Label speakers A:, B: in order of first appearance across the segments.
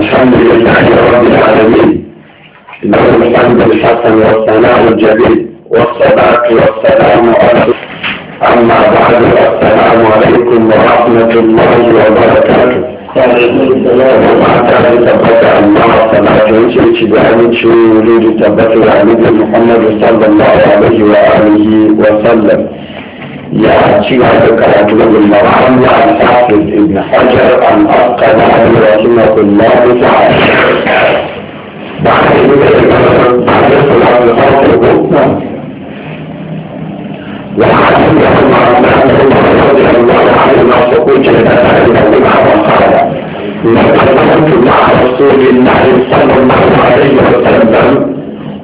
A: الحمد لله رب العالمين له الحمد الحسن والثناء الجليل والصلاة والسلام على أما بعد السلام عليكم ورحمة الله وبركاته وبعد ثبت الله صلاة وشيش بأمن شيء يريد ثبت محمد صلى الله عليه وآله وسلم يا سيادة كاتب يا الحافظ ابن حجر أن افقد بعد رحمة الله تعالى بعد بعد صلاة الفجر
B: وعن ابن رضي الله عنه تقول جنة النبي وقال
A: لقد كنت مع رسول الله صلى الله عليه وسلم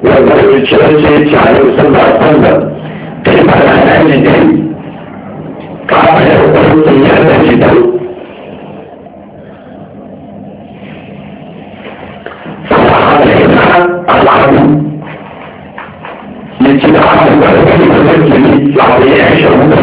A: وبرجاته عليه وسلم كيف لا نجد kafa da hukuncin ya kasance da ya ci da hannun da ya kasance da ya kasance da ya kasance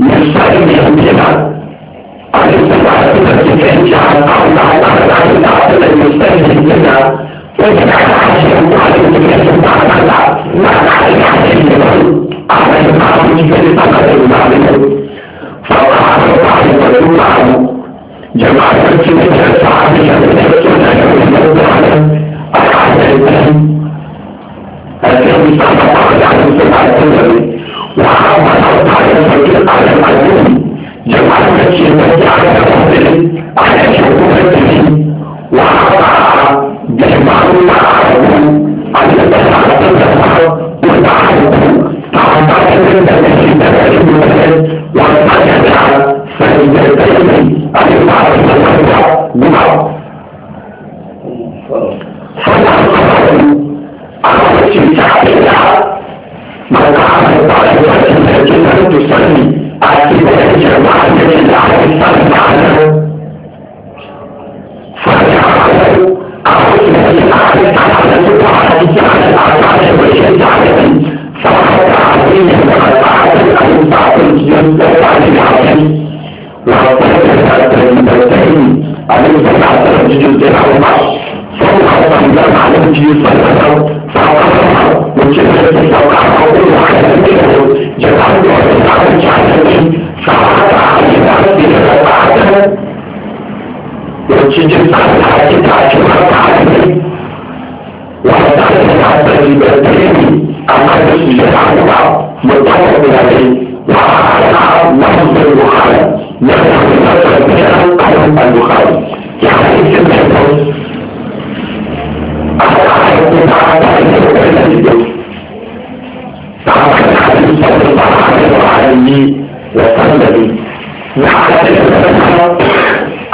A: يستلم يمينا عن السماء التي تنشأ الأرض على الأرض المستلزم منها
B: ويجعل عشرا على المكان على الأرض مع العالمين على المعروف بالقدر المعلوم
A: فقال الله والله جماعة الكنيسة الصحابية من السنة والموضوعة العالمين الذي صلى الله عليه وسلم وعمل sarkin adam annabi jama'a da ke wata ala da ala ke kuma da shi wa da ma'amu ma'amu Allah da ta'ala da ta'ala wa ta'ala ta'ala da ta'ala da shi da ta'ala da ta'ala wa ta'ala da ta'ala sai da ta'ala da ta'ala
B: وتجد حياتك عشان
A: وتعلم حتى البلدين أقل سجل عنها مطلوب عليه وعلى لفظ البخاري نحن نفهم كلام البخاري يعني كلمة على حياتنا على حياتنا تعرف الحديث صلى الله عليه وسلم وسلم نحن نفهم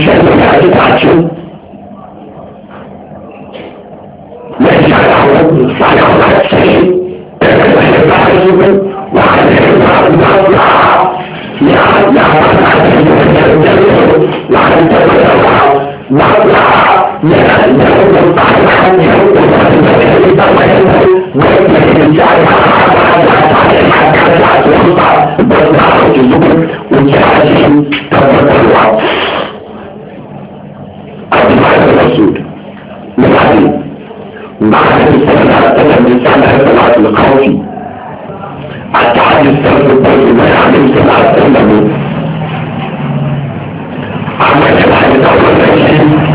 A: iṣẹ́ tó yà ní pàtó. Lẹ́yìn àwọn olùfàyà máa ṣe ẹgbẹ̀rún bá yíwé wà ní ìgbàgbà yà yà wà láti ìgbàgbà láti ìgbàgbà gbàgbà yà yà wọ́n bá yà ní ìgbàgbà ìgbàgbà wọ́n yẹ ìjà yà wà láti ìgbàgbà wọ́n bá gbàgbà òjòjò òjò àti ìgbàgbà wà. عبد الرسول من حديث بعد السنة أتلم لسان صلاة الخوف التحدي السلف الطيب ما يعلم صلاة السلم عمل الحديث أول شيء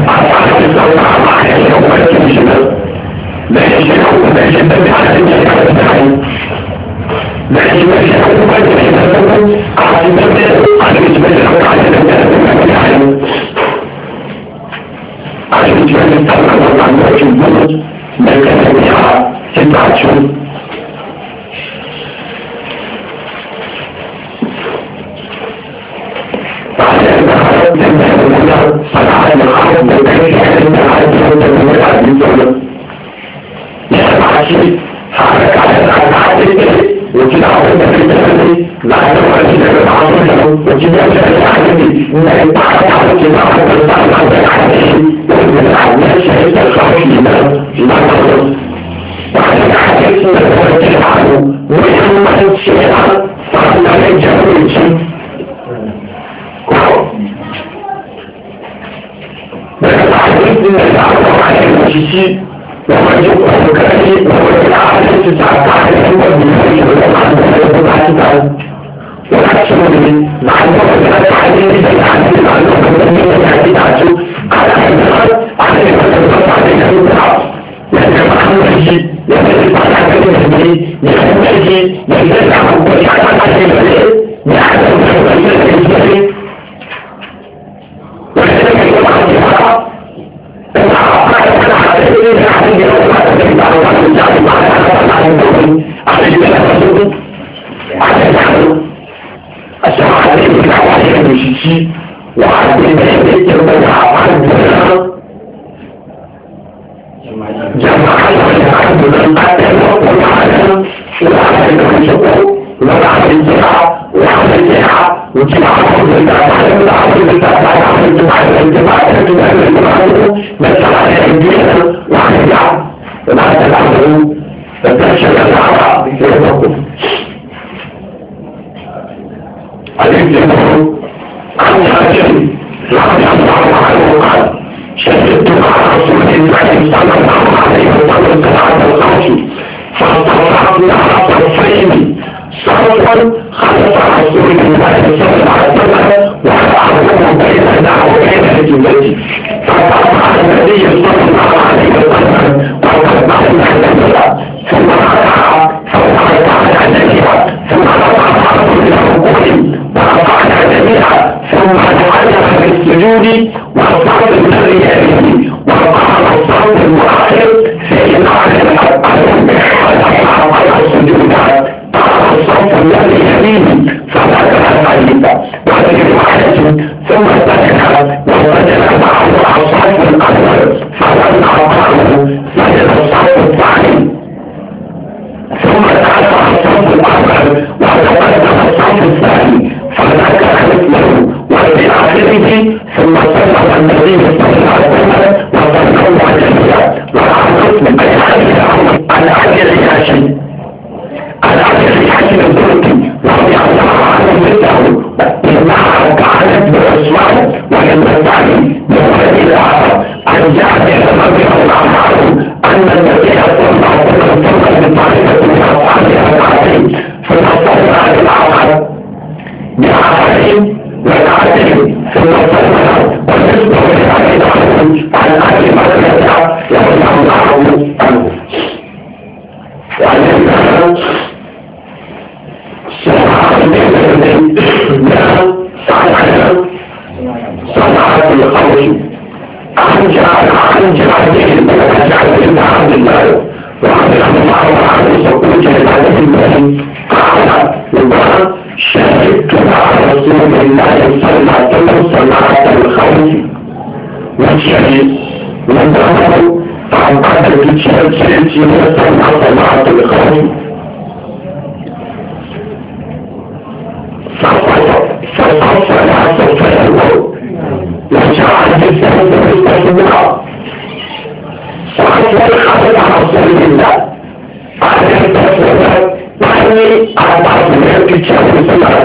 A: أيضا خلط عصور من بعد الشغل على الطبقة وأتعرضهم بين الدعوة وبين الجمهورية فأصبح النبي صلى الله عليه وسلم وقد بعث عن النبي ثم قطع ثم قطع عن النبي ثم قطع عصور الحكومي وقطع عن النبي ثم تعلق بالسجود وقطع النبي أبيه النبي صلى الله عليه وسلم صنعة القول أرجع أرجع بهم أرجع بهم عبد الله وعبد الله وعبد وجه العبد المالي قال وما شهدت مع رسول الله صلى الله عليه وسلم صنعة القول والشهيد وانتهوا عن قدر الشهيد صنعة القول الصلاة فيقول لو شرعت السنة فيتبقى وقد ذلك على رسول الله عليه الصلاة والسلام يعني على بعض الناس كتشاف الصلاة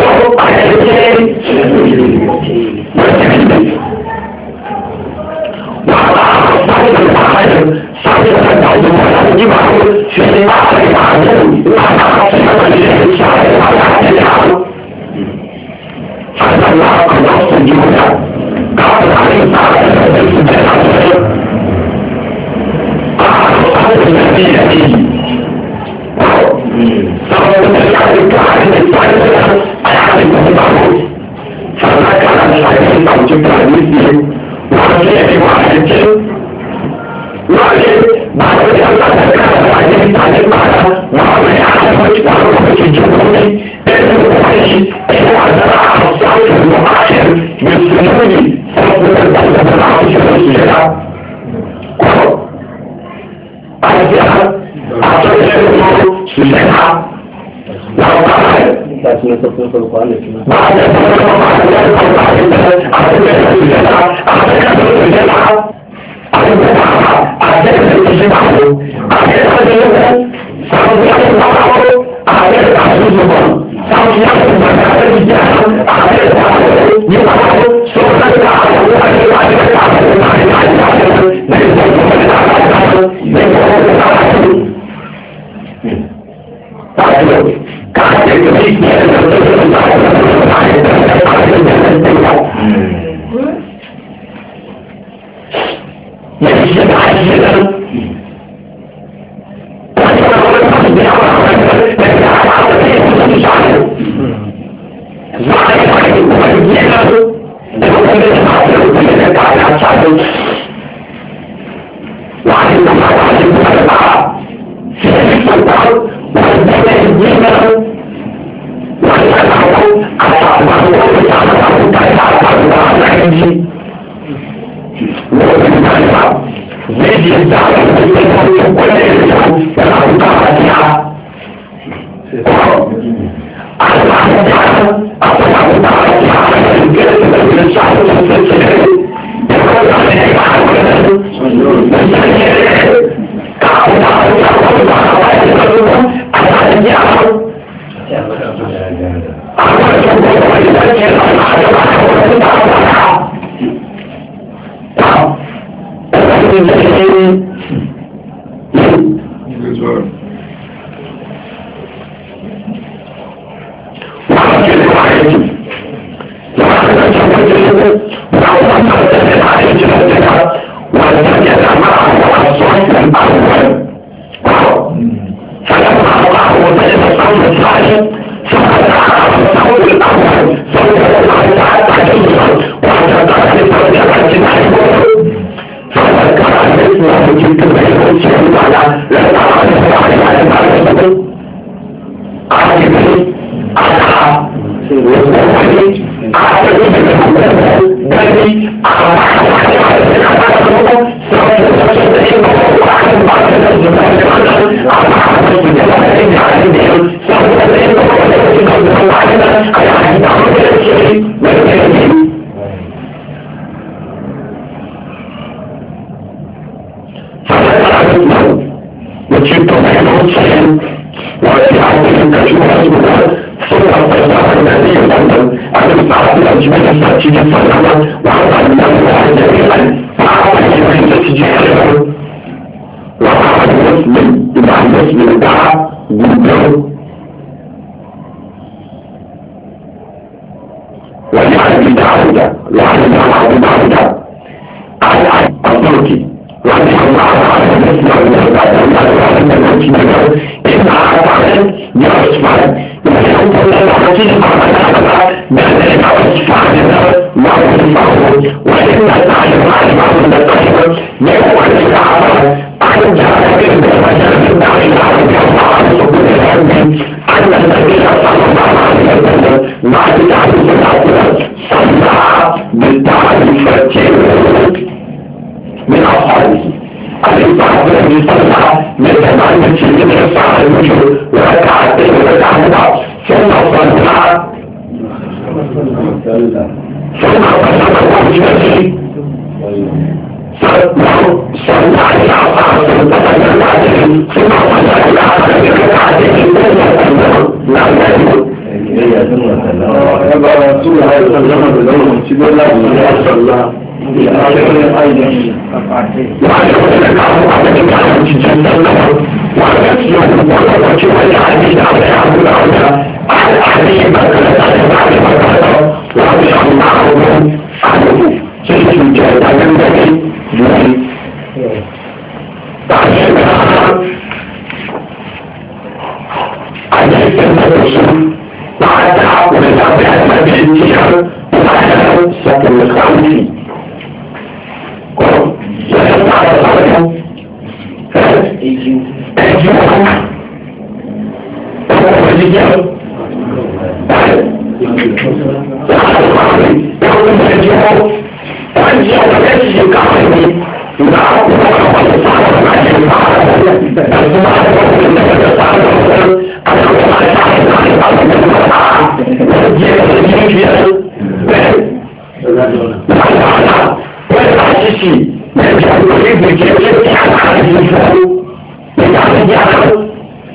A: ji الحق Thank you. know وسلم بلوم سبيل الله صلى الله Thank you. jẹ́ Thank you.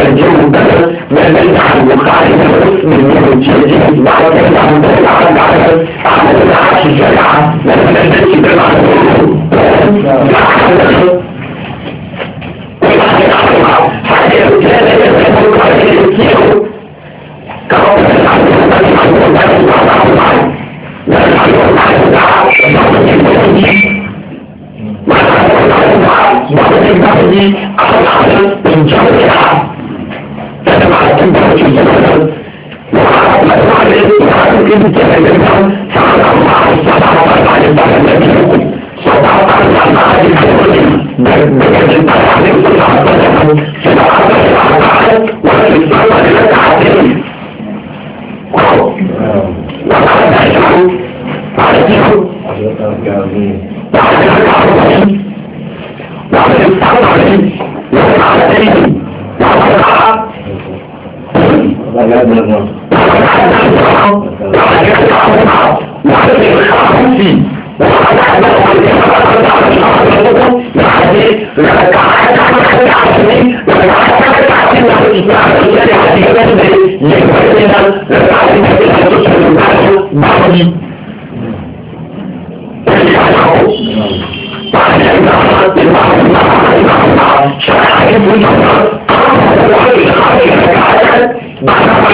A: الجن problem was